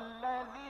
والذي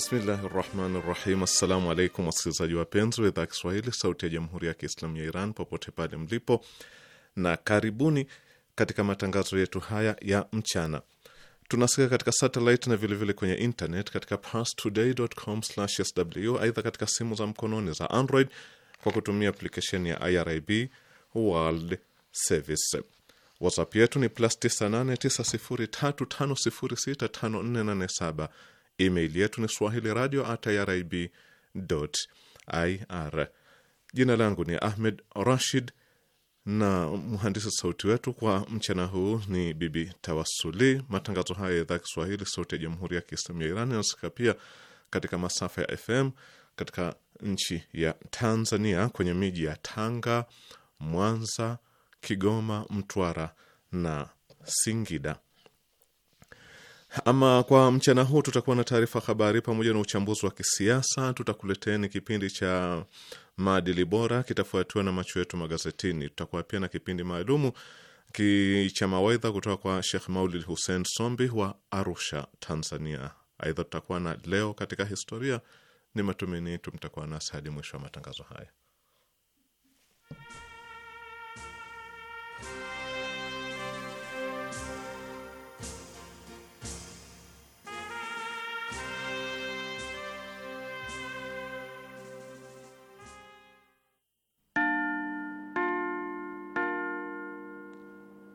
Bismillahi rahmani rahim. Assalamu alaikum wasikilizaji wapenzi wa idhaa Kiswahili sauti ya jamhuri ya Kiislamu ya Iran popote pale mlipo, na karibuni katika matangazo yetu haya ya mchana. Tunasikia katika satelit na vilevile vile kwenye internet katika parstoday.com/sw. Aidha, katika simu za mkononi za Android kwa kutumia aplikesheni ya IRIB World Service. WhatsApp yetu ni plus 989035065487 Email yetu ni swahili radio at irib ir. Jina langu ni Ahmed Rashid na mhandisi sauti wetu kwa mchana huu ni Bibi Tawasuli. Matangazo haya ya idhaa Kiswahili sauti ya jamhuri ya kiislamu ya Iran yanasikika pia katika masafa ya FM katika nchi ya Tanzania kwenye miji ya Tanga, Mwanza, Kigoma, Mtwara na Singida. Ama kwa mchana huu tutakuwa na taarifa habari pamoja na uchambuzi wa kisiasa. Tutakuleteni kipindi cha maadili bora, kitafuatiwa na macho yetu magazetini. Tutakuwa pia na kipindi maalumu cha mawaidha kutoka kwa Shekh Maulid Hussein Sombi wa Arusha, Tanzania. Aidha, tutakuwa na leo katika historia. Ni matumaini yetu mtakuwa nasi hadi mwisho wa matangazo haya.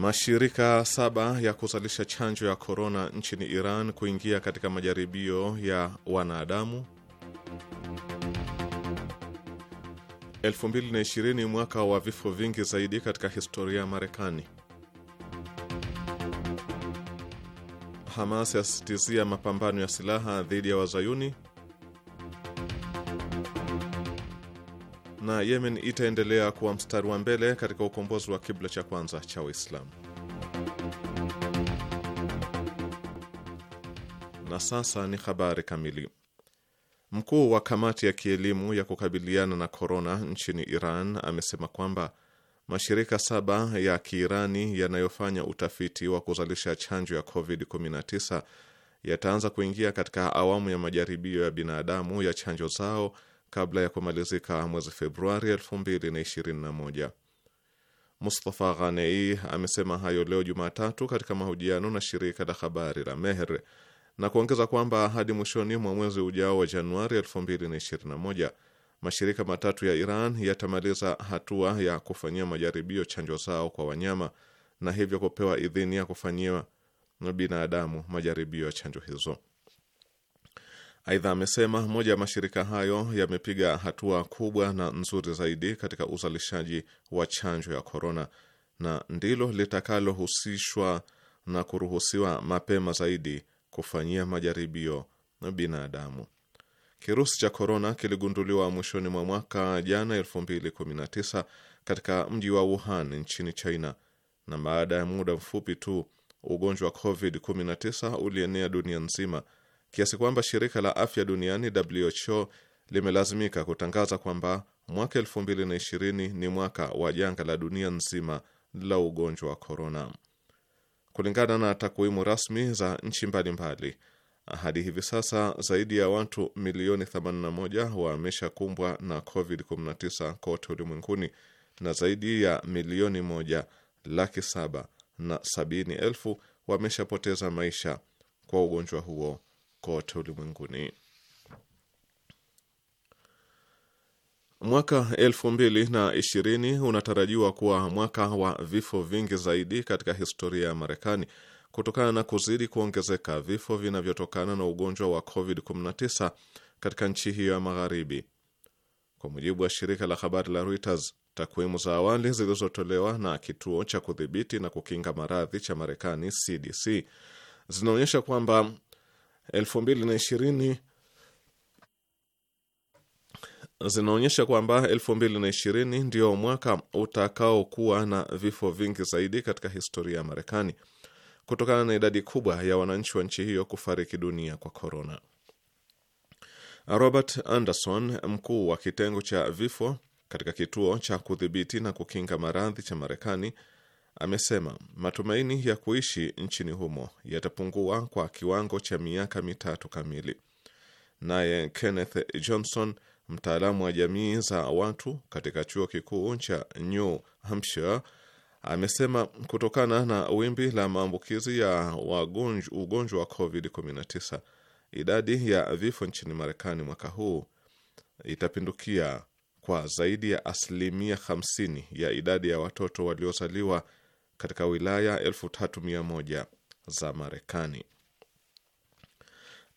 Mashirika saba ya kuzalisha chanjo ya korona nchini Iran kuingia katika majaribio ya wanadamu. 2020 mwaka wa vifo vingi zaidi katika historia ya Marekani. Hamas yasisitizia mapambano ya silaha dhidi ya wazayuni na Yemen itaendelea kuwa mstari wa mbele katika ukombozi wa kibla cha kwanza cha Uislamu. Na sasa ni habari kamili. Mkuu wa kamati ya kielimu ya kukabiliana na korona nchini Iran amesema kwamba mashirika saba ya Kiirani yanayofanya utafiti wa kuzalisha chanjo ya COVID-19 yataanza kuingia katika awamu ya majaribio ya binadamu ya chanjo zao kabla ya kumalizika mwezi Februari 2021. Mustafa Ghanei amesema hayo leo Jumatatu katika mahojiano na shirika la habari la Mehr na kuongeza kwamba hadi mwishoni mwa mwezi ujao wa Januari 2021 mashirika matatu ya Iran yatamaliza hatua ya kufanyia majaribio chanjo zao kwa wanyama na hivyo kupewa idhini ya kufanyia binadamu majaribio ya chanjo hizo. Aidha amesema moja ya mashirika hayo yamepiga hatua kubwa na nzuri zaidi katika uzalishaji wa chanjo ya korona na ndilo litakalohusishwa na kuruhusiwa mapema zaidi kufanyia majaribio binadamu. Kirusi cha korona kiligunduliwa mwishoni mwa mwaka jana 2019 katika mji wa Wuhan nchini China, na baada ya muda mfupi tu ugonjwa wa COVID-19 ulienea dunia nzima kiasi kwamba shirika la afya duniani WHO limelazimika kutangaza kwamba mwaka 2020 ni mwaka wa janga la dunia nzima la ugonjwa wa korona. Kulingana na takwimu rasmi za nchi mbalimbali, hadi hivi sasa zaidi ya watu milioni 81 wameshakumbwa na COVID-19 kote ulimwenguni na zaidi ya milioni moja laki saba na sabini elfu wameshapoteza maisha kwa ugonjwa huo kote ulimwenguni. Mwaka elfu mbili na ishirini unatarajiwa kuwa mwaka wa vifo vingi zaidi katika historia ya Marekani kutokana na kuzidi kuongezeka vifo vinavyotokana na ugonjwa wa COVID-19 katika nchi hiyo ya magharibi. Kwa mujibu wa shirika la habari la Reuters, takwimu za awali zilizotolewa na kituo cha kudhibiti na kukinga maradhi cha Marekani, CDC, zinaonyesha kwamba elfu mbili na ishirini zinaonyesha kwamba elfu mbili na ishirini ndio mwaka utakaokuwa na vifo vingi zaidi katika historia ya Marekani kutokana na idadi kubwa ya wananchi wa nchi hiyo kufariki dunia kwa korona. Robert Anderson, mkuu wa kitengo cha vifo katika kituo cha kudhibiti na kukinga maradhi cha Marekani amesema matumaini ya kuishi nchini humo yatapungua kwa kiwango cha miaka mitatu kamili. Naye Kenneth Johnson, mtaalamu wa jamii za watu katika chuo kikuu cha New Hampshire, amesema kutokana na wimbi la maambukizi ya ugonjwa wa COVID-19 idadi ya vifo nchini Marekani mwaka huu itapindukia kwa zaidi ya asilimia 50 ya idadi ya watoto waliozaliwa katika wilaya 3100 za Marekani.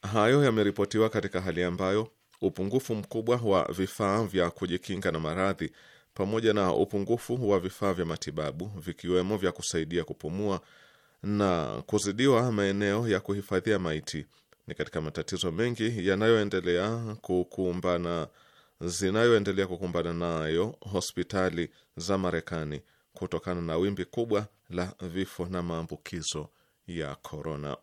Hayo yameripotiwa katika hali ambayo upungufu mkubwa wa vifaa vya kujikinga na maradhi pamoja na upungufu wa vifaa vya matibabu vikiwemo vya kusaidia kupumua na kuzidiwa maeneo ya kuhifadhia maiti ni katika matatizo mengi yanayoendelea kukumbana zinayoendelea kukumbana nayo hospitali za Marekani kutokana na wimbi kubwa la vifo na maambukizo ya korona.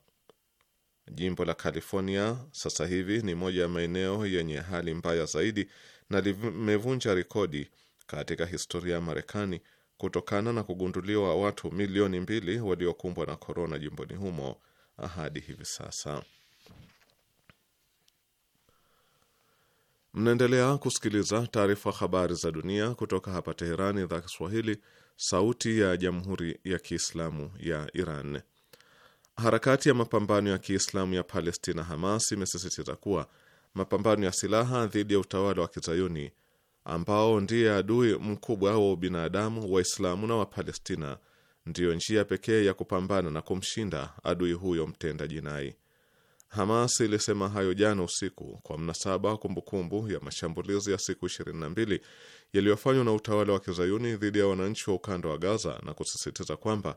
Jimbo la California sasa hivi ni moja ya maeneo yenye hali mbaya zaidi na limevunja rekodi katika historia ya Marekani kutokana na kugunduliwa watu milioni mbili waliokumbwa na korona jimboni humo hadi hivi sasa. Mnaendelea kusikiliza taarifa habari za dunia kutoka hapa Teherani, idhaa Kiswahili, sauti ya jamhuri ya Kiislamu ya Iran. Harakati ya mapambano ya Kiislamu ya Palestina, Hamas, imesisitiza kuwa mapambano ya silaha dhidi ya utawala wa kizayuni ambao ndiye adui mkubwa wa ubinadamu, Waislamu na Wapalestina, ndiyo njia pekee ya kupambana na kumshinda adui huyo mtenda jinai. Hamas ilisema hayo jana usiku kwa mnasaba wa kumbukumbu ya mashambulizi ya siku 22 yaliyofanywa na utawala wa kizayuni dhidi ya wananchi wa ukanda wa Gaza na kusisitiza kwamba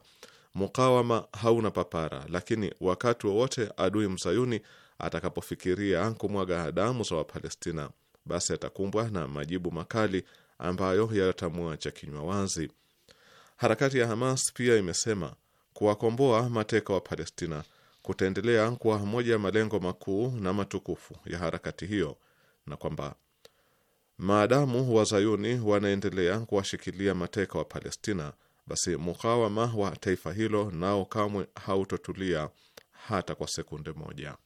mukawama hauna papara, lakini wakati wowote adui mzayuni atakapofikiria kumwaga damu za Wapalestina, basi atakumbwa na majibu makali ambayo yatamwacha kinywa wazi. Harakati ya Hamas pia imesema kuwakomboa mateka wa Palestina kutaendelea kuwa moja ya malengo makuu na matukufu ya harakati hiyo, na kwamba maadamu wazayuni wanaendelea kuwashikilia mateka wa Palestina, basi mukawama wa taifa hilo nao kamwe hautotulia hata kwa sekunde moja.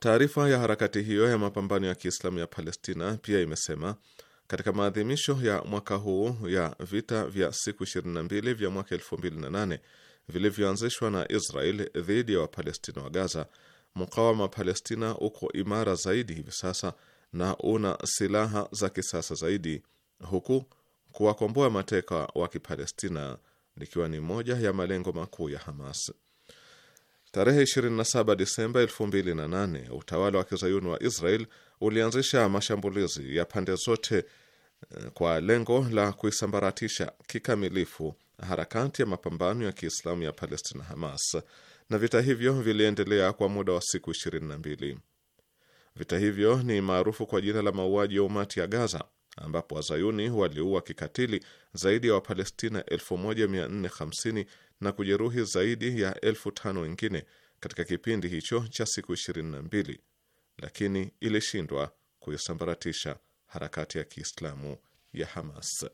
Taarifa ya harakati hiyo ya mapambano ya Kiislamu ya Palestina pia imesema katika maadhimisho ya mwaka huu ya vita vya siku 22 vya mwaka 2008 vilivyoanzishwa na Israel dhidi ya Wapalestina wa Gaza, mkawama wa Palestina uko imara zaidi hivi sasa na una silaha za kisasa zaidi, huku kuwakomboa mateka wa Kipalestina likiwa ni moja ya malengo makuu ya Hamas. Tarehe 27 Disemba 2008 utawala wa kizayuni wa Israel ulianzisha mashambulizi ya pande zote eh, kwa lengo la kuisambaratisha kikamilifu harakati ya mapambano ya Kiislamu ya Palestina, Hamas, na vita hivyo viliendelea kwa muda wa siku 22. Vita hivyo ni maarufu kwa jina la mauaji ya umati ya Gaza, ambapo wazayuni waliua kikatili zaidi ya Wapalestina 1450 na kujeruhi zaidi ya elfu tano wengine katika kipindi hicho cha siku 22, lakini ilishindwa kuisambaratisha harakati ya Kiislamu ya Hamas.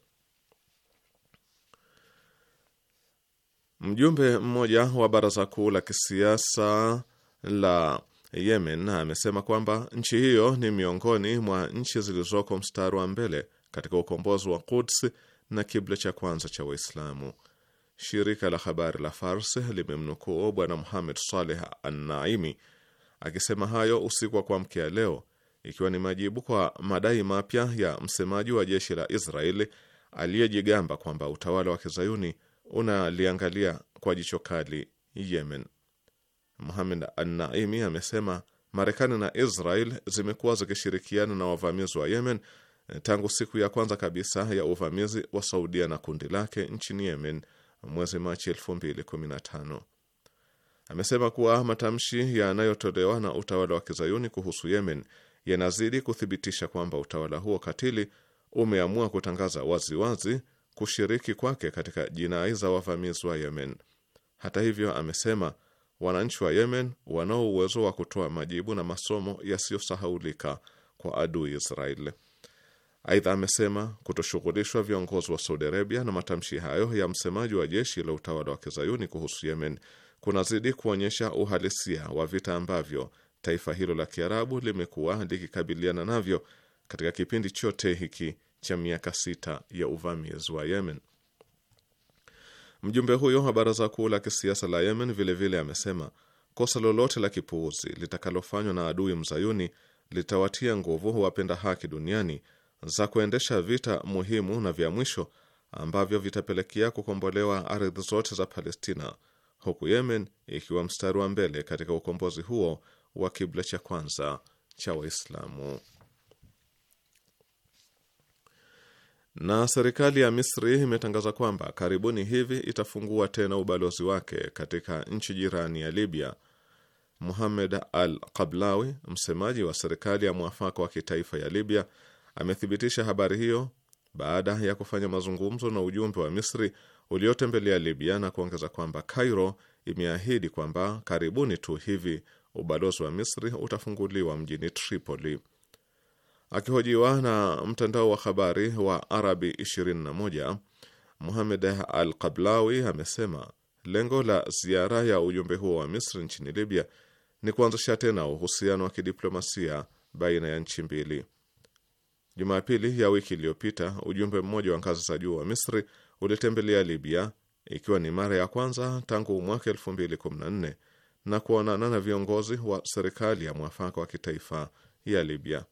Mjumbe mmoja wa baraza kuu la kisiasa la Yemen amesema kwamba nchi hiyo ni miongoni mwa nchi zilizoko mstari wa mbele katika ukombozi wa Quds na kibla cha kwanza cha Waislamu. Shirika la habari la Fars limemnukuu Bwana Muhamed Saleh Annaimi akisema hayo usiku wa kuamkia leo, ikiwa ni majibu kwa madai mapya ya msemaji wa jeshi la Israeli aliyejigamba kwamba utawala wa kizayuni unaliangalia kwa jicho kali Yemen. Mohamed an amesema Marekani na Israel zimekuwa zikishirikiana na wavamizi wa Yemen eh, tangu siku ya kwanza kabisa ya uvamizi wa Saudia na kundi lake nchini Yemen mwezi Machi 2015. Amesema kuwa matamshi yanayotolewa na utawala wa kizayuni kuhusu Yemen yanazidi kuthibitisha kwamba utawala huo katili umeamua kutangaza waziwazi wazi kushiriki kwake katika jinai za wavamizi wa Yemen. Hata hivyo, amesema wananchi wa Yemen wanao uwezo wa kutoa majibu na masomo yasiyosahaulika kwa adui Israeli. Aidha, amesema kutoshughulishwa viongozi wa Saudi Arabia na matamshi hayo ya msemaji wa jeshi la utawala wa kizayuni kuhusu Yemen kunazidi kuonyesha uhalisia wa vita ambavyo taifa hilo la Kiarabu limekuwa likikabiliana navyo katika kipindi chote hiki cha miaka sita ya uvamizi wa Yemen. Mjumbe huyo wa baraza kuu la kisiasa la Yemen vilevile vile amesema kosa lolote la kipuuzi litakalofanywa na adui mzayuni litawatia nguvu wapenda haki duniani za kuendesha vita muhimu na vya mwisho ambavyo vitapelekea kukombolewa ardhi zote za Palestina, huku Yemen ikiwa mstari wa mbele katika ukombozi huo wa kibla cha kwanza cha Waislamu. Na serikali ya Misri imetangaza kwamba karibuni hivi itafungua tena ubalozi wake katika nchi jirani ya Libya. Muhamed Al Qablawi, msemaji wa serikali ya mwafaka wa kitaifa ya Libya, amethibitisha habari hiyo baada ya kufanya mazungumzo na ujumbe wa Misri uliotembelea Libya na kuongeza kwamba Cairo imeahidi kwamba karibuni tu hivi ubalozi wa Misri utafunguliwa mjini Tripoli. Akihojiwa na mtandao wa habari wa Arabi 21 Muhamed Al Qablawi amesema lengo la ziara ya ujumbe huo wa Misri nchini Libya ni kuanzisha tena uhusiano wa kidiplomasia baina ya nchi mbili. Jumapili ya wiki iliyopita, ujumbe mmoja wa ngazi za juu wa Misri ulitembelea Libya ikiwa ni mara ya kwanza tangu mwaka 2014 na kuonana na viongozi wa serikali ya mwafaka wa kitaifa ya Libya.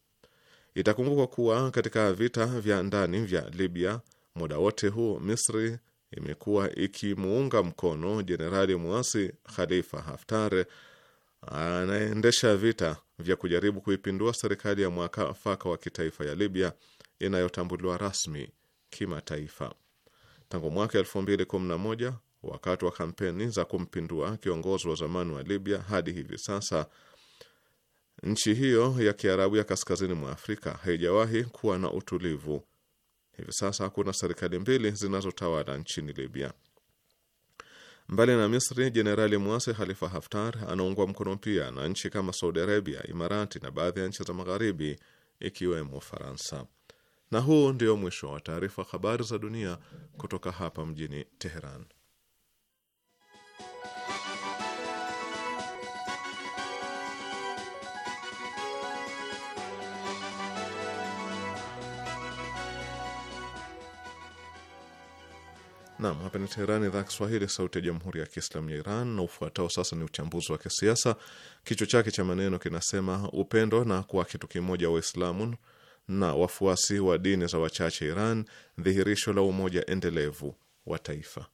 Itakumbukwa kuwa katika vita vya ndani vya Libya, muda wote huu Misri imekuwa ikimuunga mkono jenerali mwasi Khalifa Haftar anaendesha vita vya kujaribu kuipindua serikali ya mwafaka wa kitaifa ya Libya inayotambuliwa rasmi kimataifa tangu mwaka 2011 wakati wa kampeni za kumpindua kiongozi wa zamani wa Libya hadi hivi sasa Nchi hiyo ya Kiarabu ya kaskazini mwa Afrika haijawahi kuwa na utulivu. Hivi sasa kuna serikali mbili zinazotawala nchini Libya. Mbali na Misri, Jenerali mwasi Khalifa Haftar anaungwa mkono pia na nchi kama Saudi Arabia, Imarati na baadhi ya nchi za Magharibi ikiwemo Faransa. Na huu ndio mwisho wa taarifa habari za dunia kutoka hapa mjini Teheran. Nam, hapa ni Teherani, idhaa Kiswahili, sauti ya jamhuri ya kiislamu ya Iran. Na ufuatao sasa ni uchambuzi wa kisiasa, kichwa chake cha maneno kinasema upendo na kuwa kitu kimoja Waislamu na wafuasi wa dini za wachache Iran, dhihirisho la umoja endelevu wa taifa.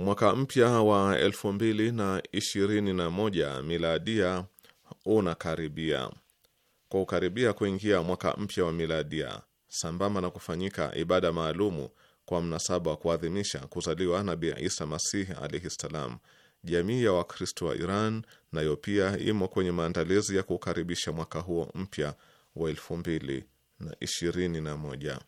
Mwaka mpya wa elfu mbili na ishirini na moja miladia unakaribia. Kwa ukaribia kuingia mwaka mpya wa miladia, sambamba na kufanyika ibada maalumu kwa mnasaba wa kuadhimisha kuzaliwa Nabii Isa Masihi alaihi ssalam, jamii ya Wakristo wa Iran nayo pia imo kwenye maandalizi ya kuukaribisha mwaka huo mpya wa elfu mbili na ishirini na moja.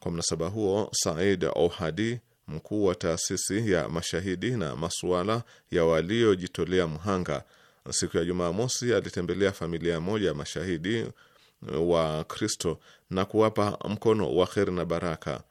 Kwa mnasaba huo, Said Ohadi mkuu wa taasisi ya mashahidi na masuala ya waliojitolea mhanga, siku ya Jumamosi alitembelea familia moja ya mashahidi e, wa Kristo na kuwapa mkono wa kheri na baraka.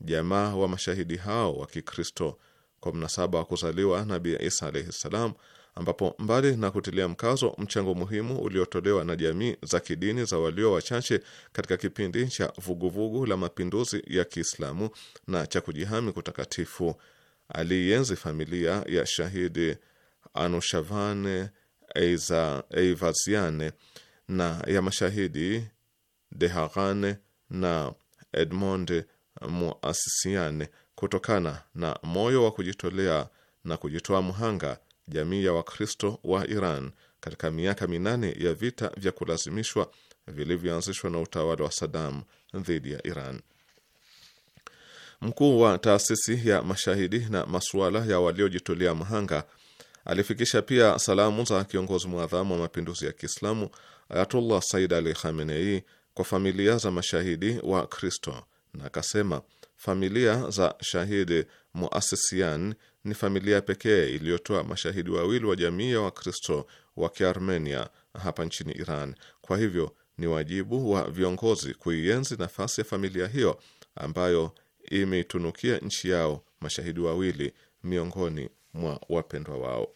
Jamaa wa mashahidi hao wa Kikristo kwa mnasaba wa kuzaliwa Nabii Isa alaihi ssalam ambapo mbali na kutilia mkazo mchango muhimu uliotolewa na jamii za kidini za walio wachache katika kipindi cha vuguvugu la mapinduzi ya Kiislamu na cha kujihami kutakatifu, aliienzi familia ya shahidi Anushavane Eivaziane na ya mashahidi deharane na Edmond Muasisiane kutokana na moyo wa kujitolea na kujitoa mhanga jamii ya Wakristo wa Iran katika miaka minane ya vita vya kulazimishwa vilivyoanzishwa na utawala wa Saddam dhidi ya Iran. Mkuu wa taasisi ya mashahidi na masuala ya waliojitolea mhanga alifikisha pia salamu za kiongozi mwadhamu wa mapinduzi ya Kiislamu Ayatullah Said Ali Khamenei kwa familia za mashahidi wa Kristo na akasema familia za shahidi Muasisian ni familia pekee iliyotoa mashahidi wawili wa jamii ya Wakristo wa Kiarmenia hapa nchini Iran. Kwa hivyo ni wajibu wa viongozi kuienzi nafasi ya familia hiyo ambayo imeitunukia nchi yao mashahidi wawili miongoni mwa wapendwa wao.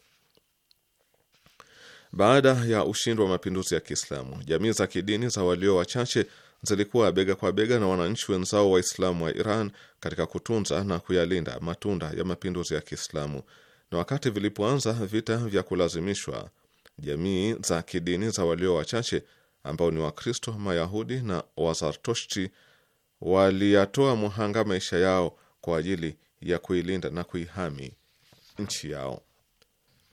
Baada ya ushindi wa mapinduzi ya Kiislamu, jamii za kidini za walio wachache zilikuwa bega kwa bega na wananchi wenzao Waislamu wa Iran katika kutunza na kuyalinda matunda ya mapinduzi ya Kiislamu. Na wakati vilipoanza vita vya kulazimishwa, jamii za kidini za walio wachache ambao ni Wakristo, Mayahudi na Wazartoshti waliyatoa muhanga maisha yao kwa ajili ya kuilinda na kuihami nchi yao.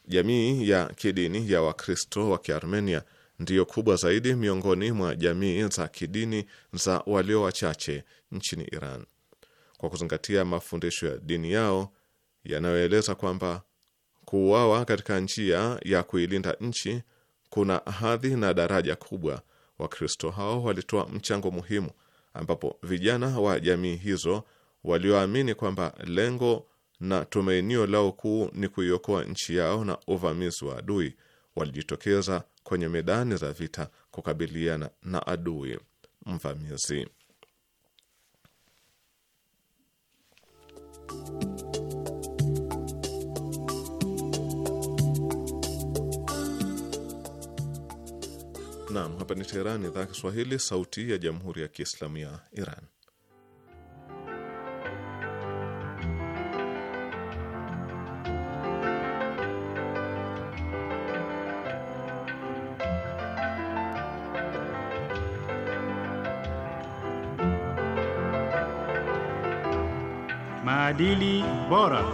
Jamii ya kidini ya Wakristo wa Kiarmenia ndiyo kubwa zaidi miongoni mwa jamii za kidini za walio wachache nchini Iran. Kwa kuzingatia mafundisho ya dini yao yanayoeleza kwamba kuuawa katika njia ya kuilinda nchi kuna hadhi na daraja kubwa, Wakristo hao walitoa mchango muhimu, ambapo vijana wa jamii hizo walioamini kwamba lengo na tumainio lao kuu ni kuiokoa nchi yao na uvamizi wa adui walijitokeza kwenye medani za vita kukabiliana na adui mvamizi. Naam, hapa ni Teherani, idhaa ya Kiswahili, sauti ya jamhuri ya kiislamu ya Iran. Maadili Bora.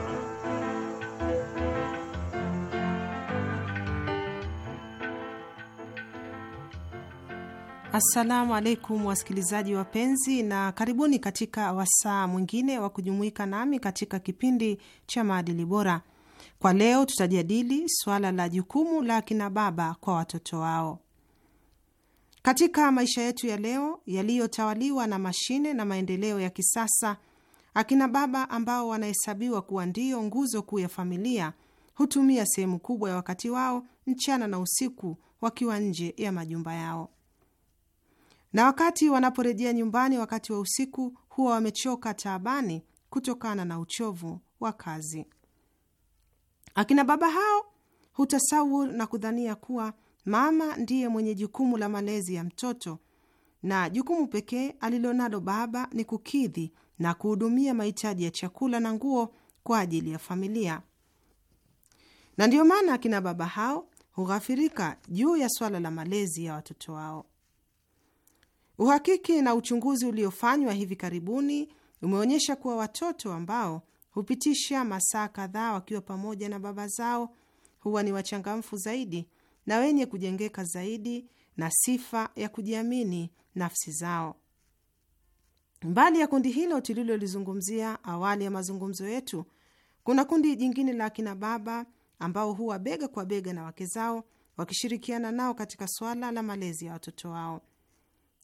Assalamu alaikum wasikilizaji wapenzi, na karibuni katika wasaa mwingine wa kujumuika nami katika kipindi cha maadili bora. Kwa leo tutajadili suala la jukumu la akina baba kwa watoto wao katika maisha yetu ya leo yaliyotawaliwa na mashine na maendeleo ya kisasa. Akina baba ambao wanahesabiwa kuwa ndiyo nguzo kuu ya familia hutumia sehemu kubwa ya wakati wao mchana na usiku wakiwa nje ya majumba yao, na wakati wanaporejea nyumbani wakati wa usiku huwa wamechoka taabani kutokana na uchovu wa kazi. Akina baba hao hutasawur na kudhania kuwa mama ndiye mwenye jukumu la malezi ya mtoto na jukumu pekee alilonalo baba ni kukidhi na kuhudumia mahitaji ya chakula na nguo kwa ajili ya familia. Na ndiyo maana akina baba hao hughafirika juu ya swala la malezi ya watoto wao. Uhakiki na uchunguzi uliofanywa hivi karibuni umeonyesha kuwa watoto ambao hupitisha masaa kadhaa wakiwa pamoja na baba zao huwa ni wachangamfu zaidi na wenye kujengeka zaidi na sifa ya kujiamini nafsi zao. Mbali ya kundi hilo tulilolizungumzia awali ya mazungumzo yetu, kuna kundi jingine la akina baba ambao huwa bega kwa bega na wake zao wakishirikiana nao katika swala la malezi ya watoto wao.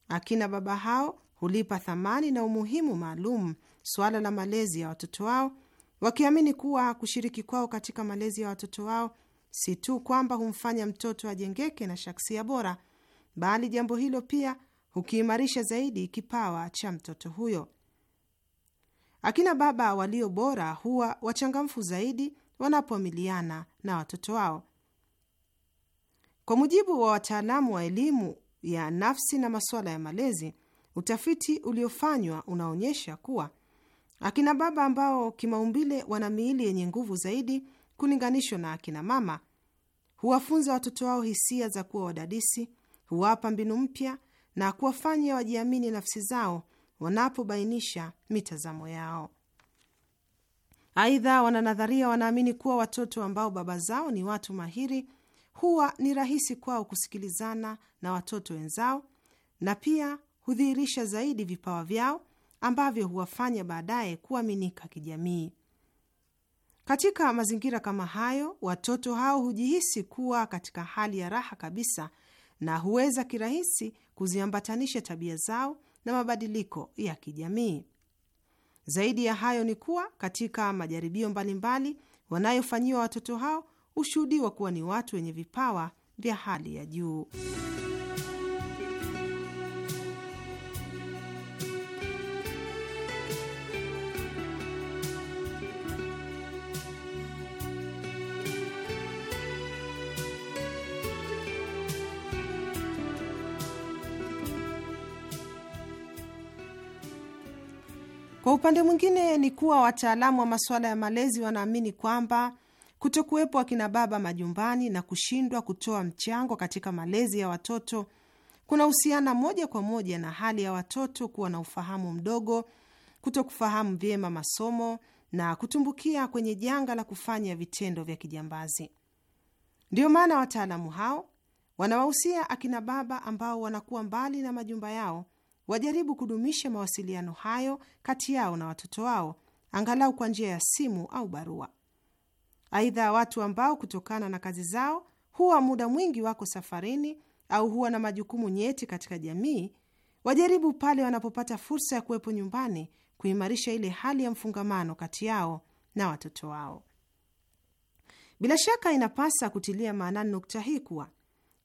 Akina baba hao hulipa thamani na umuhimu maalum swala la malezi ya watoto wao, wakiamini kuwa kushiriki kwao katika malezi ya watoto wao si tu kwamba humfanya mtoto ajengeke na shaksia bora, bali jambo hilo pia hukiimarisha zaidi kipawa cha mtoto huyo. Akina baba walio bora huwa wachangamfu zaidi wanapoamiliana na watoto wao. Kwa mujibu wa wataalamu wa elimu ya nafsi na masuala ya malezi, utafiti uliofanywa unaonyesha kuwa akina baba ambao kimaumbile wana miili yenye nguvu zaidi kulinganishwa na akina mama huwafunza watoto wao hisia za kuwa wadadisi, huwapa mbinu mpya na kuwafanya wajiamini nafsi zao wanapobainisha mitazamo yao. Aidha, wananadharia wanaamini kuwa watoto ambao baba zao ni watu mahiri huwa ni rahisi kwao kusikilizana na watoto wenzao na pia hudhihirisha zaidi vipawa vyao ambavyo huwafanya baadaye kuaminika kijamii. Katika mazingira kama hayo, watoto hao hujihisi kuwa katika hali ya raha kabisa na huweza kirahisi kuziambatanisha tabia zao na mabadiliko ya kijamii. Zaidi ya hayo ni kuwa katika majaribio mbalimbali wanayofanyiwa watoto hao hushuhudiwa kuwa ni watu wenye vipawa vya hali ya juu. upande mwingine ni kuwa wataalamu wa masuala ya malezi wanaamini kwamba kutokuwepo akina baba majumbani na kushindwa kutoa mchango katika malezi ya watoto kuna husiana moja kwa moja na hali ya watoto kuwa na ufahamu mdogo, kutokufahamu vyema masomo na kutumbukia kwenye janga la kufanya vitendo vya kijambazi. Ndiyo maana wataalamu hao wanawahusia akina baba ambao wanakuwa mbali na majumba yao wajaribu kudumisha mawasiliano hayo kati yao na watoto wao angalau kwa njia ya simu au barua. Aidha, watu ambao kutokana na kazi zao huwa muda mwingi wako safarini au huwa na majukumu nyeti katika jamii, wajaribu pale wanapopata fursa ya kuwepo nyumbani kuimarisha ile hali ya mfungamano kati yao na watoto wao. Bila shaka inapasa kutilia maanani nukta hii kuwa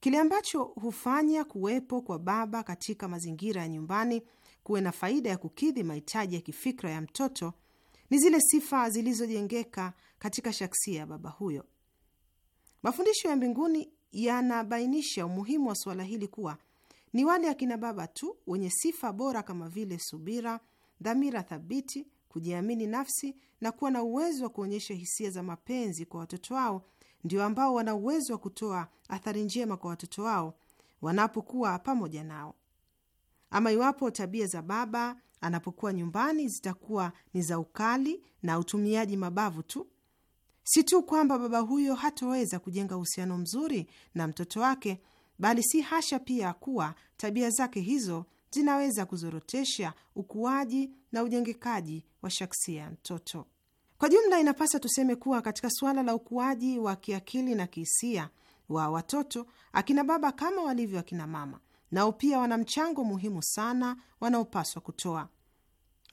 Kile ambacho hufanya kuwepo kwa baba katika mazingira ya nyumbani kuwe na faida ya kukidhi mahitaji ya kifikra ya mtoto ni zile sifa zilizojengeka katika shaksia ya baba huyo. Mafundisho ya mbinguni yanabainisha umuhimu wa suala hili kuwa ni wale akina baba tu wenye sifa bora kama vile subira, dhamira thabiti, kujiamini nafsi na kuwa na uwezo wa kuonyesha hisia za mapenzi kwa watoto wao ndio ambao wana uwezo wa kutoa athari njema kwa watoto wao wanapokuwa pamoja nao. Ama iwapo tabia za baba anapokuwa nyumbani zitakuwa ni za ukali na utumiaji mabavu tu, si tu kwamba baba huyo hatoweza kujenga uhusiano mzuri na mtoto wake, bali si hasha pia kuwa tabia zake hizo zinaweza kuzorotesha ukuaji na ujengekaji wa shaksia ya mtoto. Kwa jumla, inapasa tuseme kuwa katika suala la ukuaji wa kiakili na kihisia wa watoto, akina baba kama walivyo akina mama, nao pia wana mchango muhimu sana wanaopaswa kutoa.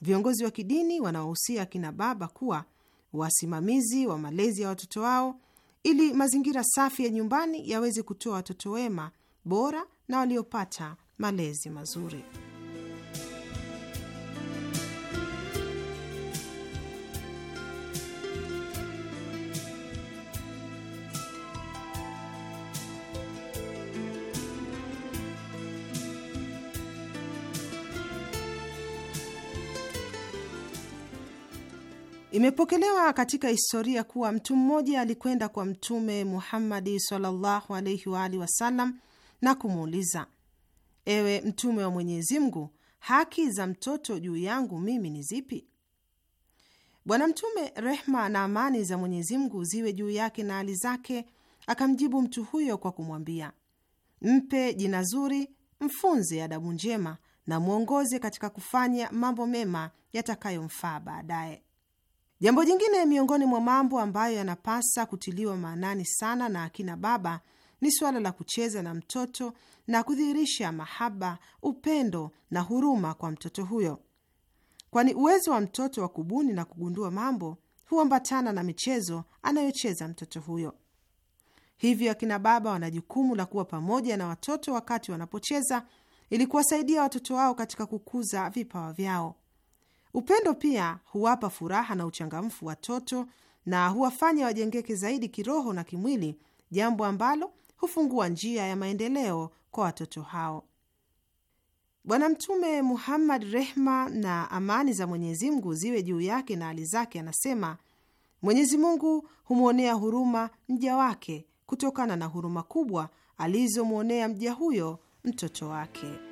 Viongozi wa kidini wanawahusia akina baba kuwa wasimamizi wa malezi ya watoto wao ili mazingira safi ya nyumbani yaweze kutoa watoto wema bora na waliopata malezi mazuri. Imepokelewa katika historia kuwa mtu mmoja alikwenda kwa Mtume Muhammadi sallallahu alaihi wa alihi wasallam na kumuuliza, ewe Mtume wa Mwenyezi Mungu, haki za mtoto juu yangu mimi ni zipi? Bwana Mtume, rehma na amani za Mwenyezi Mungu ziwe juu yake na hali zake, akamjibu mtu huyo kwa kumwambia, mpe jina zuri, mfunze adabu njema na mwongoze katika kufanya mambo mema yatakayomfaa baadaye. Jambo jingine miongoni mwa mambo ambayo yanapasa kutiliwa maanani sana na akina baba ni suala la kucheza na mtoto na kudhihirisha mahaba, upendo na huruma kwa mtoto huyo, kwani uwezo wa mtoto wa kubuni na kugundua mambo huambatana na michezo anayocheza mtoto huyo. Hivyo akina baba wana jukumu la kuwa pamoja na watoto wakati wanapocheza, ili kuwasaidia watoto wao katika kukuza vipawa vyao. Upendo pia huwapa furaha na uchangamfu watoto na huwafanya wajengeke zaidi kiroho na kimwili, jambo ambalo hufungua njia ya maendeleo kwa watoto hao. Bwana Mtume Muhammad, rehma na amani za Mwenyezi Mungu ziwe juu yake na hali zake, anasema Mwenyezi Mungu humwonea huruma mja wake kutokana na huruma kubwa alizomwonea mja huyo mtoto wake.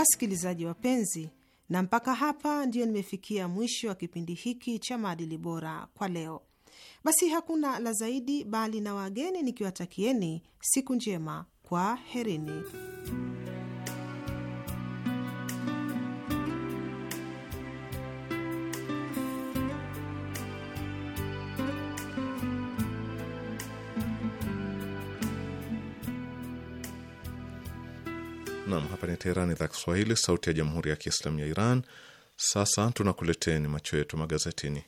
Wasikilizaji wapenzi, na mpaka hapa ndiyo nimefikia mwisho wa kipindi hiki cha maadili bora kwa leo. Basi hakuna la zaidi, bali na wageni nikiwatakieni siku njema, kwa herini Nam, hapa ni Teherani, idhaa Kiswahili, sauti ya jamhuri ya kiislamu ya Iran. Sasa tunakuleteni macho yetu magazetini.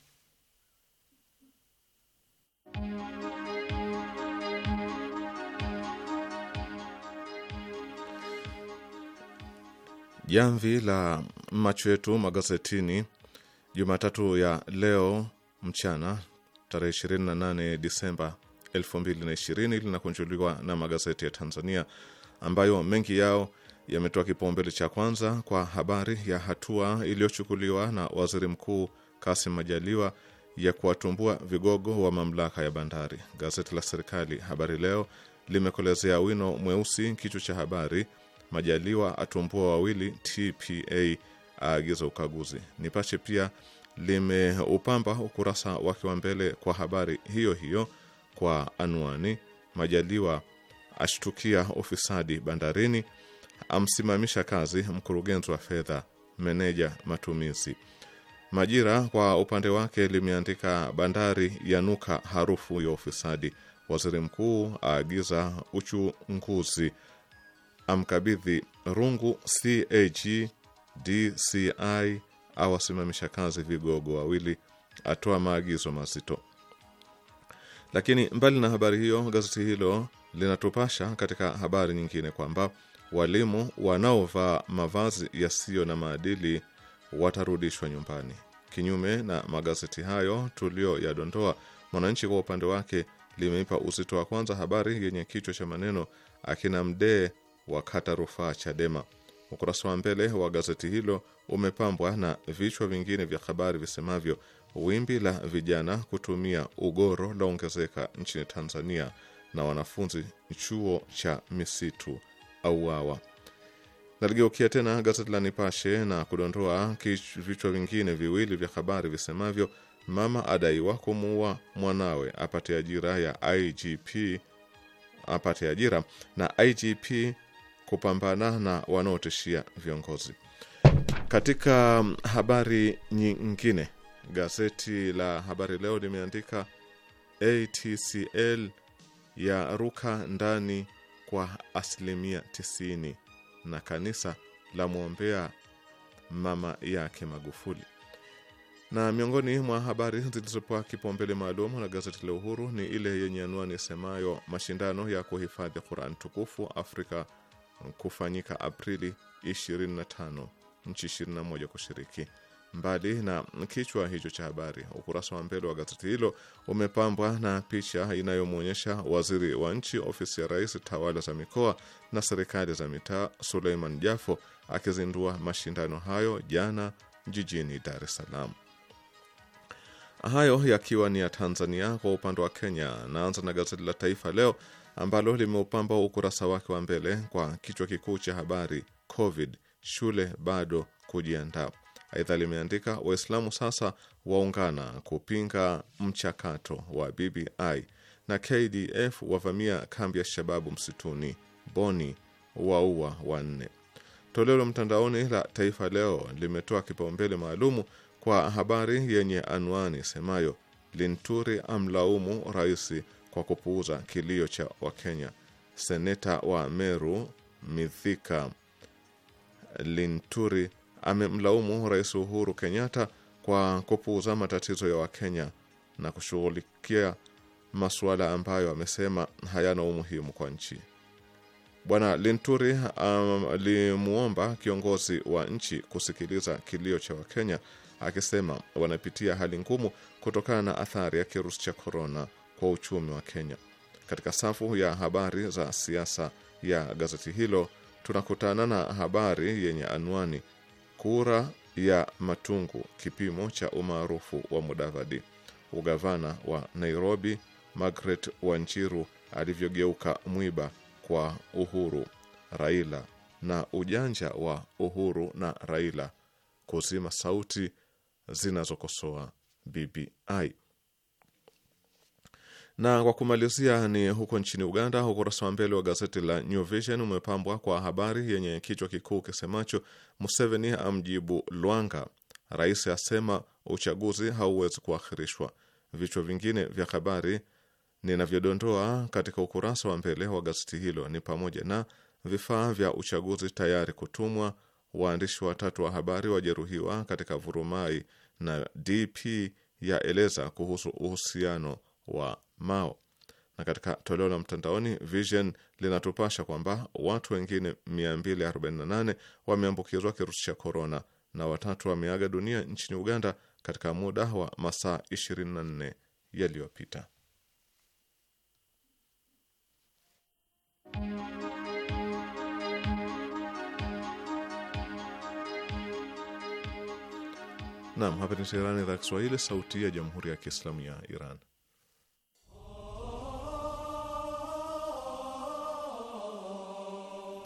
Jamvi la macho yetu magazetini Jumatatu ya leo mchana tarehe 28 Disemba 2020 linakunjuliwa na magazeti ya Tanzania ambayo mengi yao yametoa kipaumbele cha kwanza kwa habari ya hatua iliyochukuliwa na Waziri Mkuu Kasim Majaliwa ya kuwatumbua vigogo wa mamlaka ya bandari. Gazeti la serikali Habari Leo limekolezea wino mweusi kichwa cha habari, Majaliwa atumbua wawili TPA aagiza ukaguzi. Nipashe pia limeupamba ukurasa wake wa mbele kwa habari hiyo hiyo kwa anwani, Majaliwa ashtukia ufisadi bandarini amsimamisha kazi mkurugenzi wa fedha, meneja matumizi. Majira kwa upande wake limeandika bandari yanuka harufu ya ufisadi, waziri mkuu aagiza uchunguzi, amkabidhi rungu CAG DCI awasimamisha kazi vigogo wawili, atoa maagizo mazito. Lakini mbali na habari hiyo, gazeti hilo linatupasha katika habari nyingine kwamba walimu wanaovaa mavazi yasiyo na maadili watarudishwa nyumbani. Kinyume na magazeti hayo tuliyoyadondoa, Mwananchi kwa upande wake limeipa uzito wa kwanza habari yenye kichwa cha maneno akina Mdee wakata rufaa Chadema. Ukurasa wa mbele wa gazeti hilo umepambwa na vichwa vingine vya habari visemavyo wimbi la vijana kutumia ugoro laongezeka nchini Tanzania na wanafunzi chuo cha misitu auawa. Naligeukia tena gazeti la Nipashe na kudondoa vichwa vingine viwili vya habari visemavyo: mama adaiwa kumuua mwanawe, apate ajira ya IGP, apate ajira na IGP kupambana na wanaotishia viongozi. Katika habari nyingine, gazeti la Habari Leo limeandika ATCL ya ruka ndani kwa asilimia 90 na kanisa la mwombea mama yake Magufuli. Na miongoni mwa habari zilizopewa kipaumbele maalum na gazeti la Uhuru ni ile yenye anwani isemayo mashindano ya kuhifadhi Qur'an tukufu Afrika kufanyika Aprili 25, nchi 21 kushiriki. Mbali na kichwa hicho cha habari, ukurasa wa mbele wa gazeti hilo umepambwa na picha inayomwonyesha waziri wa nchi ofisi ya rais, tawala za mikoa na serikali za mitaa, Suleiman Jafo akizindua mashindano hayo jana jijini Dar es Salaam. Hayo yakiwa ni ya Tanzania. Kwa upande wa Kenya, naanza na gazeti la Taifa Leo ambalo limeupamba ukurasa wake wa mbele kwa kichwa kikuu cha habari, Covid shule bado kujiandaa. Aidha limeandika Waislamu sasa waungana kupinga mchakato wa BBI na KDF wavamia kambi ya shababu msituni Boni, waua wanne. Toleo la mtandaoni la Taifa Leo limetoa kipaumbele maalumu kwa habari yenye anwani semayo Linturi amlaumu rais kwa kupuuza kilio cha Wakenya. Seneta wa Meru Mithika Linturi amemlaumu Rais Uhuru Kenyatta kwa kupuuza matatizo ya Wakenya na kushughulikia masuala ambayo amesema hayana umuhimu kwa nchi. Bwana Linturi alimwomba um, kiongozi wa nchi kusikiliza kilio cha Wakenya akisema wanapitia hali ngumu kutokana na athari ya kirusi cha korona kwa uchumi wa Kenya. Katika safu ya habari za siasa ya gazeti hilo tunakutana na habari yenye anwani kura ya matungu, kipimo cha umaarufu wa Mudavadi, ugavana wa Nairobi Margaret Wanjiru alivyogeuka mwiba kwa Uhuru Raila, na ujanja wa Uhuru na Raila kuzima sauti zinazokosoa BBI. Na kwa kumalizia ni huko nchini Uganda. Ukurasa wa mbele wa gazeti la New Vision umepambwa kwa habari yenye kichwa kikuu kisemacho Museveni amjibu Lwanga, rais asema uchaguzi hauwezi kuahirishwa. Vichwa vingine vya habari ninavyodondoa katika ukurasa wa mbele wa gazeti hilo ni pamoja na vifaa vya uchaguzi tayari kutumwa, waandishi watatu wa habari wajeruhiwa katika vurumai, na DP yaeleza kuhusu uhusiano wa Mao. Na katika toleo la mtandaoni Vision linatupasha kwamba watu wengine 248 wameambukizwa kirusi cha korona na watatu wameaga dunia nchini Uganda katika muda wa masaa 24 yaliyopita. Nam, hapa ni Teherani, idhaa Kiswahili, sauti ya jamhuri ya kiislamu ya Iran.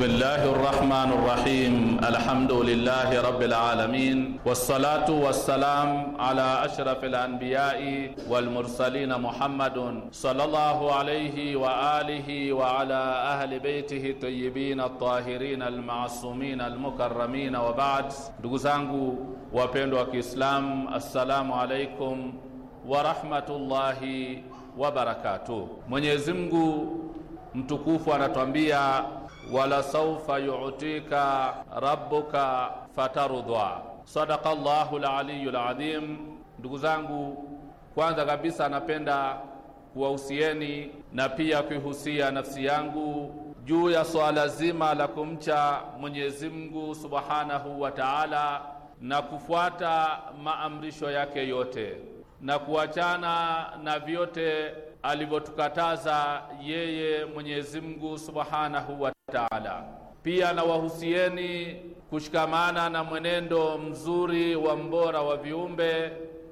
بسم الله الرحمن الرحيم الحمد لله رب العالمين والصلاة والسلام على أشرف الأنبياء والمرسلين محمد صلى الله عليه وآله وعلى أهل بيته الطيبين الطاهرين المعصومين المكرمين وبعد دقزانقو وبين وكإسلام السلام عليكم ورحمة الله وبركاته Mwenyezi Mungu mtukufu anatuambia wala saufa yu'tika rabbuka fatarudwa. Sadaqa Allahu al adhim. Ndugu zangu, kwanza kabisa napenda kuwahusieni na pia kuihusia nafsi yangu juu ya swala zima la kumcha Mwenyezi Mungu Subhanahu wa Ta'ala na kufuata maamrisho yake yote na kuachana na vyote alivyotukataza yeye Mwenyezi Mungu Subhanahu wa Ta'ala. Pia nawahusieni kushikamana na mwenendo mzuri wa mbora wa viumbe,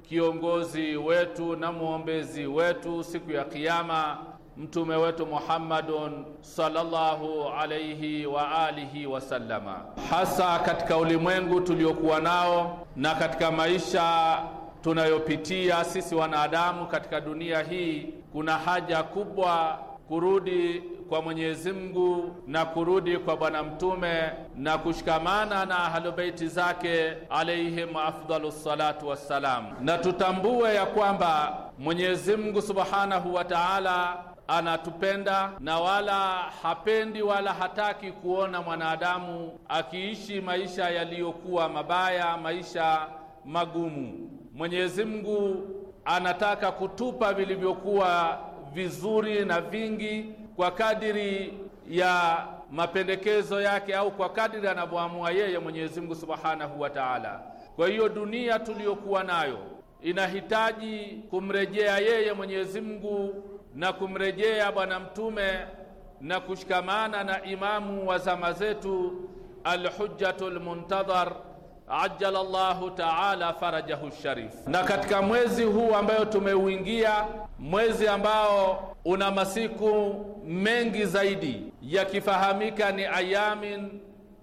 kiongozi wetu na mwombezi wetu siku ya Kiyama, mtume wetu Muhammadun sallallahu alayhi wa alihi wasallama, hasa katika ulimwengu tuliokuwa nao na katika maisha tunayopitia sisi wanadamu katika dunia hii kuna haja kubwa kurudi kwa Mwenyezi Mungu na kurudi kwa Bwana Mtume na kushikamana na ahlubeiti zake alaihim afdalu salatu wassalam, na tutambue ya kwamba Mwenyezi Mungu subhanahu wa taala anatupenda na wala hapendi wala hataki kuona mwanadamu akiishi maisha yaliyokuwa mabaya, maisha magumu. Mwenyezi Mungu anataka kutupa vilivyokuwa vizuri na vingi kwa kadiri ya mapendekezo yake au kwa kadiri anavyoamua yeye Mwenyezi Mungu Subhanahu wa Ta'ala. Kwa hiyo dunia tuliyokuwa nayo inahitaji kumrejea yeye Mwenyezi Mungu na kumrejea Bwana Mtume na kushikamana na imamu wa zama zetu Al-Hujjatul Muntadhar ajala llahu taala farajahu sharif. Na katika mwezi huu ambayo tumeuingia, mwezi ambao una masiku mengi zaidi yakifahamika ni ayamin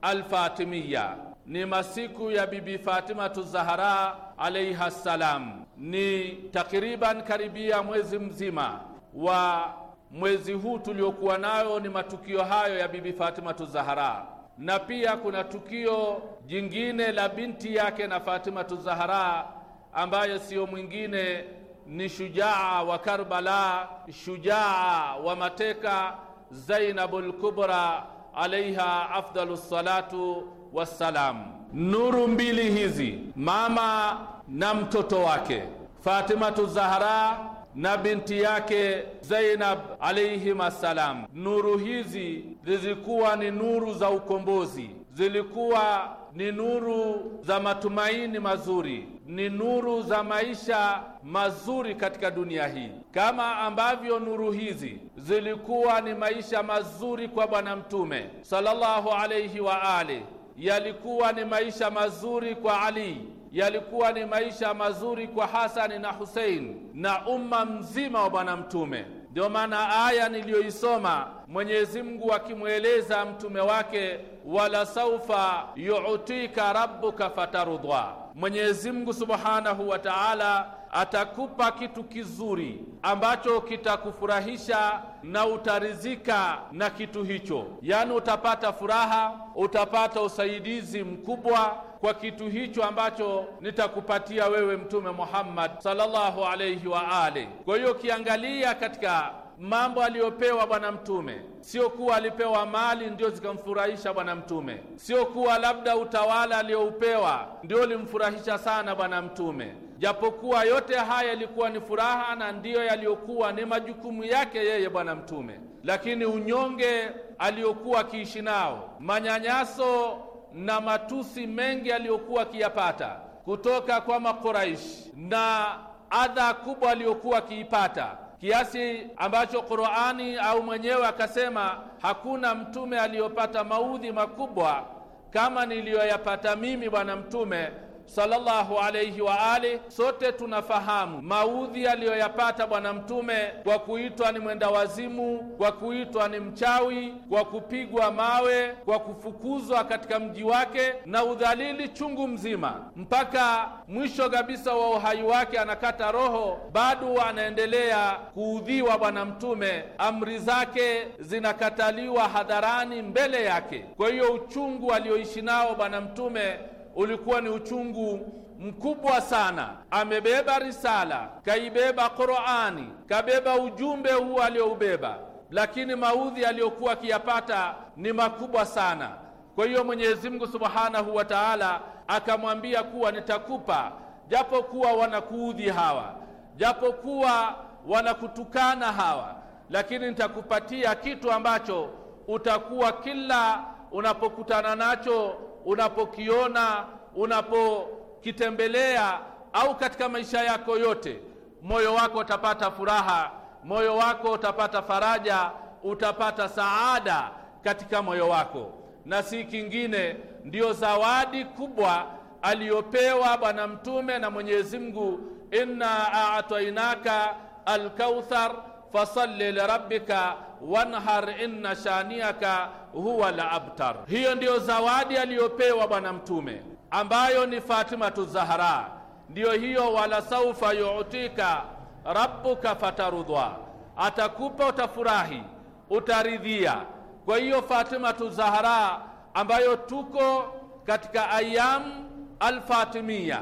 alfatimiya, ni masiku ya Bibi Fatimatu Zahara alaiha ssalam, ni takriban karibia mwezi mzima wa mwezi huu tuliokuwa nayo ni matukio hayo ya Bibi Fatimatu Zahara na pia kuna tukio jingine la binti yake na Fatimatu Zahara ambaye siyo mwingine ni shujaa wa Karbala, shujaa wa mateka Zainabul Kubra alaiha afdalu salatu wassalam. Nuru mbili hizi, mama na mtoto wake Fatimatu Zahra na binti yake Zainab alayhim assalam. Nuru hizi zilikuwa ni nuru za ukombozi, zilikuwa ni nuru za matumaini mazuri, ni nuru za maisha mazuri katika dunia hii, kama ambavyo nuru hizi zilikuwa ni maisha mazuri kwa Bwana Mtume sallallahu alayhi wa ali, yalikuwa ni maisha mazuri kwa Ali yalikuwa ni maisha mazuri kwa Hasani na Husein na umma mzima wa Bwana Mtume. Ndio maana aya niliyoisoma Mwenyezi Mungu akimweleza mtume wake, wala saufa yutika rabbuka fatarudwa, Mwenyezi Mungu subhanahu wa taala atakupa kitu kizuri ambacho kitakufurahisha na utarizika na kitu hicho, yaani utapata furaha, utapata usaidizi mkubwa kwa kitu hicho ambacho nitakupatia wewe Mtume Muhammad sallallahu alayhi wa ali. Kwa hiyo ukiangalia katika mambo aliyopewa Bwana Mtume, sio kuwa alipewa mali ndio zikamfurahisha Bwana Mtume, sio kuwa labda utawala aliyoupewa ndio ulimfurahisha sana Bwana Mtume japokuwa yote haya yalikuwa ni furaha na ndiyo yaliyokuwa ni majukumu yake yeye Bwana Mtume, lakini unyonge aliyokuwa akiishi nao, manyanyaso na matusi mengi aliyokuwa akiyapata kutoka kwa Makuraish na adha kubwa aliyokuwa akiipata kiasi ambacho Qur'ani au mwenyewe akasema hakuna mtume aliyopata maudhi makubwa kama niliyoyapata mimi Bwana Mtume sallallahu alayhi wa ali. Sote tunafahamu maudhi aliyoyapata Bwana Mtume kwa kuitwa ni mwenda wazimu, kwa kuitwa ni mchawi, kwa kupigwa mawe, kwa kufukuzwa katika mji wake na udhalili chungu mzima, mpaka mwisho kabisa wa uhai wake anakata roho, bado anaendelea kuudhiwa Bwana Mtume, amri zake zinakataliwa hadharani mbele yake. Kwa hiyo uchungu alioishi nao Bwana Mtume ulikuwa ni uchungu mkubwa sana. Amebeba risala, kaibeba Qurani, kabeba ujumbe huu alioubeba, lakini maudhi aliyokuwa akiyapata ni makubwa sana. Kwa hiyo Mwenyezi Mungu Subhanahu wa Ta'ala akamwambia kuwa nitakupa, japo kuwa wanakuudhi hawa, japo kuwa wanakutukana hawa, lakini nitakupatia kitu ambacho utakuwa kila unapokutana nacho unapokiona, unapokitembelea au katika maisha yako yote, moyo wako utapata furaha, moyo wako utapata faraja, utapata saada katika moyo wako, na si kingine, ndiyo zawadi kubwa aliyopewa Bwana Mtume na Mwenyezi Mungu, inna a'tainaka alkauthar fasalli lirabbika wanhar inna shaniaka huwa la abtar. Hiyo ndiyo zawadi aliyopewa Bwana Mtume ambayo ni Fatima Tuzahara, ndiyo hiyo wala saufa yuutika rabbuka fatarudhwa, atakupa utafurahi, utaridhia. Kwa hiyo Fatima Tuzahara ambayo tuko katika ayamu alfatimia,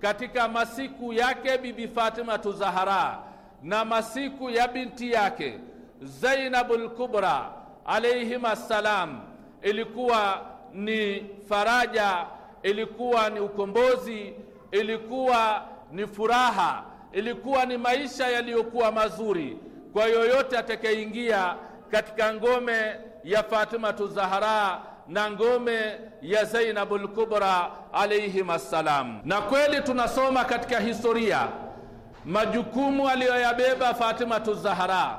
katika masiku yake Bibi Fatima Tuzahara na masiku ya binti yake Zainabul Kubra alaihima salam, ilikuwa ni faraja, ilikuwa ni ukombozi, ilikuwa ni furaha, ilikuwa ni maisha yaliyokuwa mazuri kwa yoyote atakayeingia katika ngome ya Fatimatu Zahara na ngome ya Zainabul Kubra alaihima salam. Na kweli tunasoma katika historia majukumu aliyoyabeba Fatimatu Zahara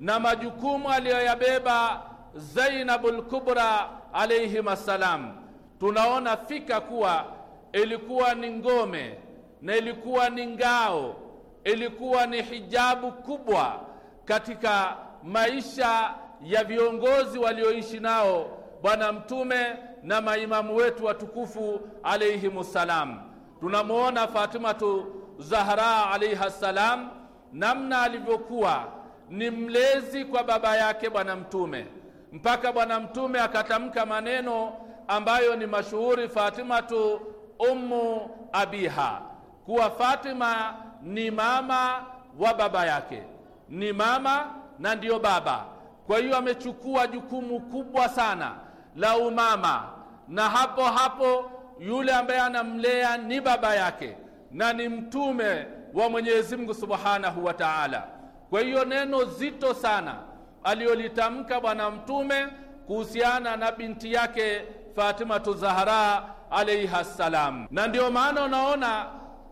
na majukumu aliyoyabeba Zainabul Kubra alayhi assalam, tunaona fika kuwa ilikuwa ni ngome na ilikuwa ni ngao, ilikuwa ni hijabu kubwa katika maisha ya viongozi walioishi nao Bwana Mtume na maimamu wetu watukufu alayhimu salam. Tunamwona Fatimatu Zahra alayha salam namna alivyokuwa ni mlezi kwa baba yake Bwana Mtume, mpaka Bwana Mtume akatamka maneno ambayo ni mashuhuri, Fatimatu ummu abiha, kuwa Fatima ni mama wa baba yake, ni mama na ndiyo baba. Kwa hiyo amechukua jukumu kubwa sana la umama, na hapo hapo yule ambaye anamlea ni baba yake na ni mtume wa Mwenyezi Mungu Subhanahu wa Ta'ala. Kwa hiyo neno zito sana aliyolitamka Bwana Mtume kuhusiana na binti yake Fatimatu Zahra alaiha salam, na ndio maana unaona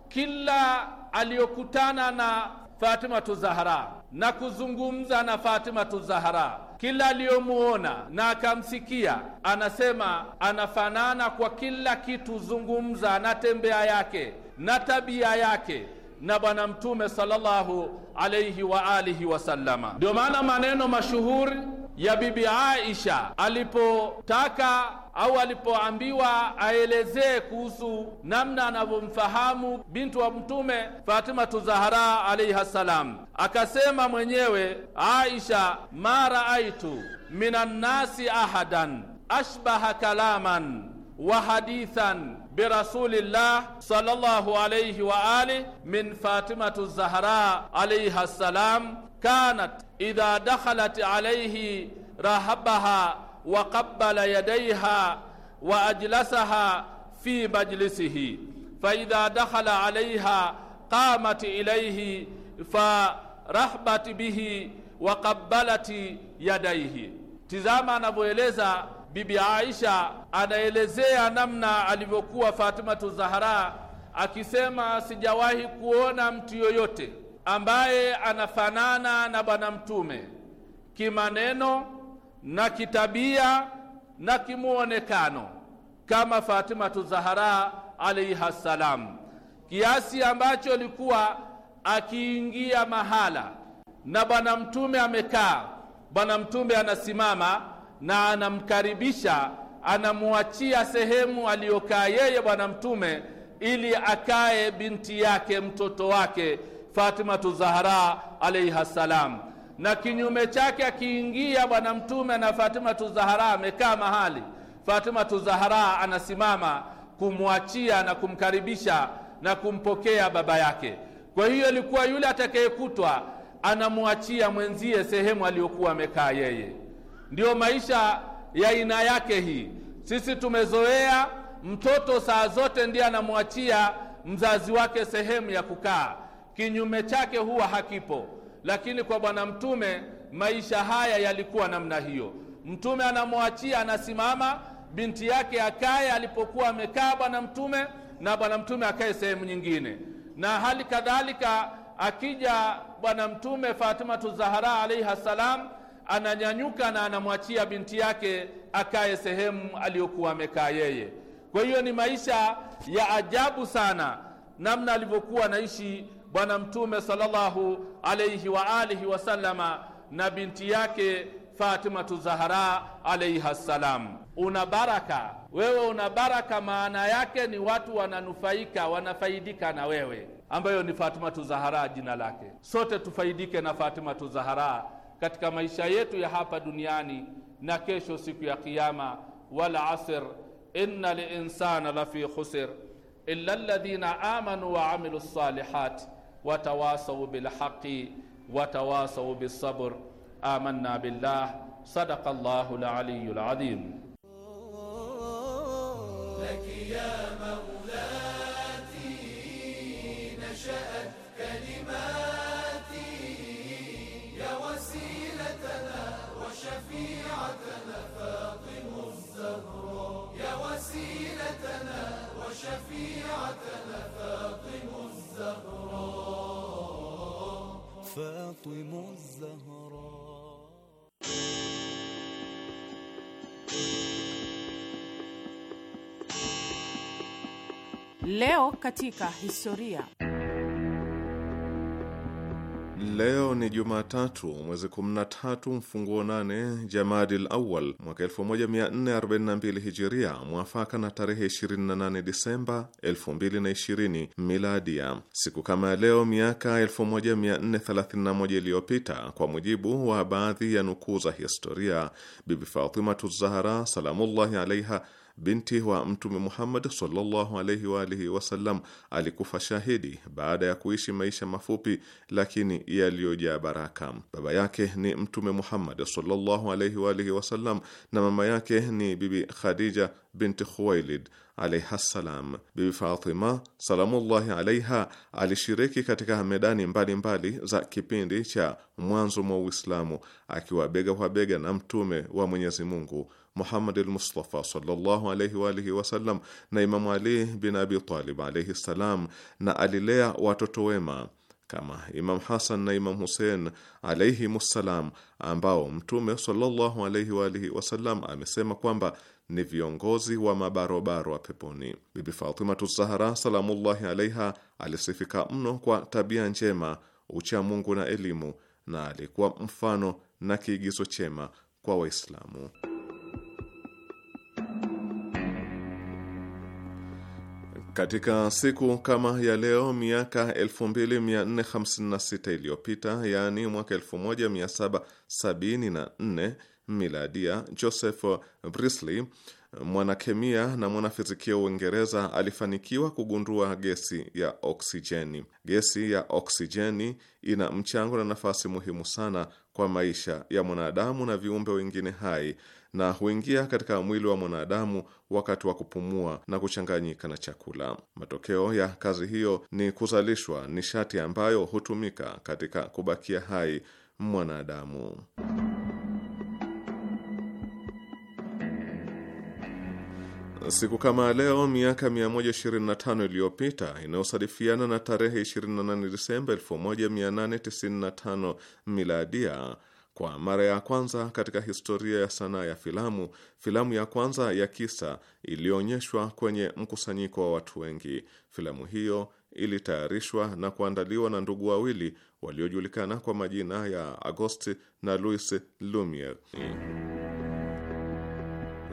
kila aliyokutana na Fatimatu Zahra na kuzungumza na Fatimatu Zahra, kila aliyomuona na akamsikia, anasema anafanana kwa kila kitu, zungumza na tembea yake na tabia yake na Bwana Mtume sallallahu alayhi wa alihi wasallama. Ndio maana maneno mashuhuri ya Bibi Aisha alipotaka au alipoambiwa aelezee kuhusu namna anavyomfahamu bintu wa Mtume Fatima Zahra alayha salam, akasema mwenyewe Aisha, ma raaitu minan nasi ahadan ashbaha kalaman wa hadithan برسول الله صلى الله عليه وآله من فاطمة الزهراء عليها السلام كانت إذا دخلت عليه رهبها وقبل يديها وأجلسها في مجلسه فإذا دخل عليها قامت إليه فرحبت به وقبلت يديه. تزامنا بوليزا Bibi Aisha anaelezea namna alivyokuwa Fatimatu Zahra akisema, sijawahi kuona mtu yoyote ambaye anafanana na Bwana Mtume kimaneno na kitabia na kimwonekano kama Fatimatu Zahra alaiha salam, kiasi ambacho alikuwa akiingia mahala na Bwana Mtume amekaa, Bwana Mtume anasimama na anamkaribisha anamwachia sehemu aliyokaa yeye Bwana Mtume ili akae binti yake mtoto wake Fatimatu Zahra alaiha salam, na kinyume chake akiingia Bwana Mtume na Fatimatu Zahra amekaa mahali, Fatimatu Zahra anasimama kumwachia na kumkaribisha na kumpokea baba yake. Kwa hiyo ilikuwa yule atakayekutwa anamwachia mwenzie sehemu aliyokuwa amekaa yeye. Ndiyo maisha ya aina yake hii. Sisi tumezoea mtoto saa zote ndiye anamwachia mzazi wake sehemu ya kukaa, kinyume chake huwa hakipo. Lakini kwa Bwana Mtume maisha haya yalikuwa namna hiyo. Mtume anamwachia, anasimama binti yake akae alipokuwa amekaa Bwana Mtume, na Bwana Mtume akae sehemu nyingine, na hali kadhalika akija Bwana Mtume Fatimatu Zahara alaihi salam ananyanyuka na anamwachia binti yake akae sehemu aliyokuwa amekaa yeye. Kwa hiyo ni maisha ya ajabu sana namna alivyokuwa anaishi Bwana Mtume sallallahu alayhi wa alihi wasallama na binti yake Fatimatu Zahra alaiha salam. Una baraka wewe, una baraka, maana yake ni watu wananufaika, wanafaidika na wewe, ambayo ni Fatimatu Zahara jina lake. Sote tufaidike na Fatimatu Zahara katika maisha yetu ya hapa duniani na kesho siku ya kiyama wala asr inna linsana lafi khusr illa alladhina amanu wa amilu salihat watawasau bilhaqi watawasau bisabr amanna billah sadaqa الله العلي العظيم لك يا مولاتي نشأت شفيعتنا فاطم الزهراء يا وسيلتنا وشفيعتنا فاطم الزهراء فاطم الزهراء Leo katika historia. Leo ni Jumatatu, mwezi 13 mfunguo 8 Jamadil Awal mwaka 1442 Hijiria, mwafaka na tarehe 28 Disemba 2020 Miladia. Siku kama ya leo miaka 1431 iliyopita, kwa mujibu wa baadhi ya nukuu za historia, Bibi Fatimatu Zahara salamullahi alaiha binti wa Mtume Muhammad sallallahu alaihi wa alihi wasallam alikufa shahidi baada ya kuishi maisha mafupi lakini yaliyojaa baraka. Baba yake ni Mtume Muhammad sallallahu alaihi wa alihi wasallam na mama yake ni Bibi Khadija binti Khuwailid alaiha salam. Bibi Fatima salamullahi alaiha alishiriki katika medani mbalimbali mbali za kipindi cha mwanzo mwa Uislamu akiwa bega kwa bega na Mtume wa Mwenyezi Mungu Muhammad al-Mustafa sallallahu alayhi wa alihi wasallam na Imamu Ali bin Abi Talib alayhi salam, na alilea watoto wema kama Imam Hasan na Imam Hussein alayhimussalam, ambao Mtume sallallahu alayhi wa alihi wasallam amesema kwamba ni viongozi wa mabarobaro wa peponi. Bibi Fatima Zahra salamullahi alayha alisifika mno kwa tabia njema, ucha Mungu na elimu, na alikuwa mfano na kiigizo chema kwa Waislamu. Katika siku kama ya leo miaka 2456 iliyopita, yaani mwaka 1774 miladia, Joseph Brisley mwanakemia na mwanafizikia Uingereza alifanikiwa kugundua gesi ya oksijeni. Gesi ya oksijeni ina mchango na nafasi muhimu sana kwa maisha ya mwanadamu na viumbe wengine hai, na huingia katika mwili wa mwanadamu wakati wa kupumua na kuchanganyika na chakula. Matokeo ya kazi hiyo ni kuzalishwa nishati ambayo hutumika katika kubakia hai mwanadamu. Siku kama leo miaka 125 iliyopita inayosadifiana na tarehe 28 Disemba 1895 miladia, kwa mara ya kwanza katika historia ya sanaa ya filamu, filamu ya kwanza ya kisa iliyoonyeshwa kwenye mkusanyiko wa watu wengi. Filamu hiyo ilitayarishwa na kuandaliwa na ndugu wawili waliojulikana kwa majina ya Auguste na Louis Lumiere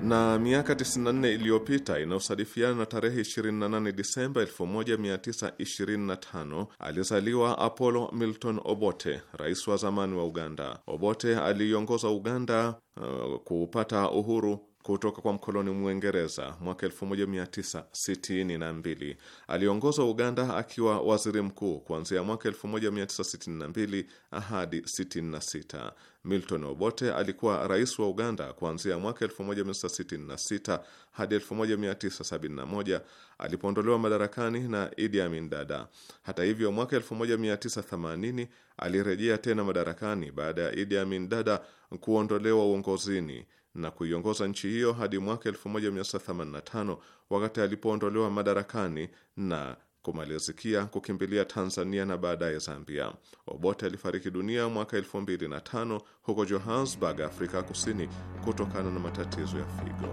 na miaka 94 iliyopita inayosadifiana na tarehe 28 Disemba 1925 alizaliwa Apollo Milton Obote, rais wa zamani wa Uganda. Obote aliiongoza Uganda uh, kuupata uhuru kutoka kwa mkoloni Mwingereza mwaka 1962. Aliongoza Uganda akiwa waziri mkuu kuanzia mwaka 1962 hadi 66. Milton Obote alikuwa rais wa Uganda kuanzia mwaka 1966 hadi 1971 alipoondolewa madarakani na Idi Amin Dada. Hata hivyo, mwaka 1980 alirejea tena madarakani baada ya Idi Amin Dada kuondolewa uongozini na kuiongoza nchi hiyo hadi mwaka 1985 wakati alipoondolewa madarakani na kumalizikia kukimbilia Tanzania na baadaye Zambia. Obote alifariki dunia mwaka 2005 huko Johannesburg, Afrika Kusini kutokana na matatizo ya figo.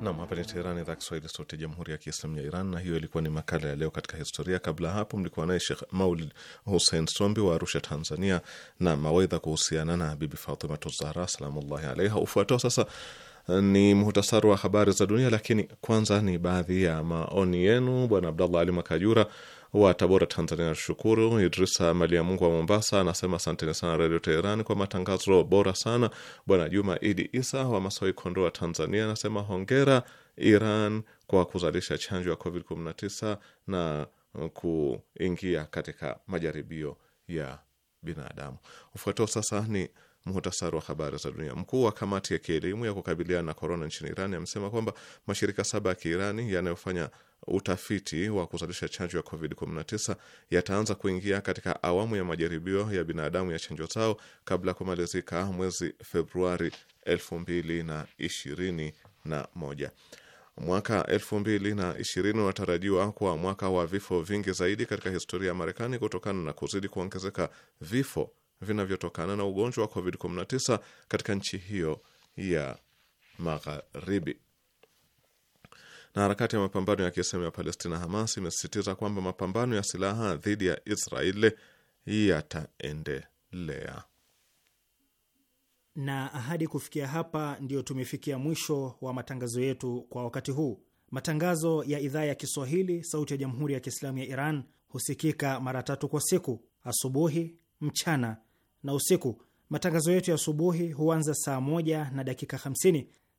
Nam, hapa ni Teherani, idhaa Kiswahili, sauti ya jamhuri ya kiislamu ya Iran. Na hiyo ilikuwa ni makala ya leo katika historia. Kabla ya hapo, mlikuwa naye Shekh Maulid Hussein Sombi wa Arusha, Tanzania, na mawaidha kuhusiana na Bibi Fatimatu Zahra salamullahi alaiha. Ufuatao sasa ni muhtasari wa habari za dunia, lakini kwanza ni baadhi ya maoni yenu. Bwana Abdallah Ali Makajura wa Tabora, Tanzania, anashukuru. Idrisa Mungu wa Mombasa anasema asanteni sana Radio Teheran kwa matangazo bora sana. Bwana Juma Idi Isa wa Masawi, Kondoa, Tanzania, anasema hongera Iran kwa kuzalisha chanjo ya COVID-19 na kuingia katika majaribio ya binadamu. Ufuatao sasa ni muhtasari wa habari za dunia. Mkuu wa kamati ya kielimu ya kukabiliana na korona nchini Irani amesema kwamba mashirika saba ya Kiirani yanayofanya utafiti wa kuzalisha chanjo ya COVID-19 yataanza kuingia katika awamu ya majaribio ya binadamu ya chanjo zao kabla ya kumalizika mwezi Februari 2021. Mwaka 2020 unatarajiwa kuwa mwaka wa vifo vingi zaidi katika historia ya Marekani kutokana na kuzidi kuongezeka vifo vinavyotokana na ugonjwa wa COVID-19 katika nchi hiyo ya magharibi. Na harakati ya mapambano ya kiislamu ya Palestina, Hamas, imesisitiza kwamba mapambano ya silaha dhidi ya Israeli yataendelea. Na ahadi kufikia hapa, ndiyo tumefikia mwisho wa matangazo yetu kwa wakati huu. Matangazo ya idhaa ya Kiswahili, Sauti ya Jamhuri ya Kiislamu ya Iran husikika mara tatu kwa siku: asubuhi, mchana na usiku. Matangazo yetu ya asubuhi huanza saa moja na dakika 50